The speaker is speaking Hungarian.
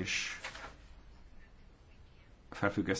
és felfüggesztett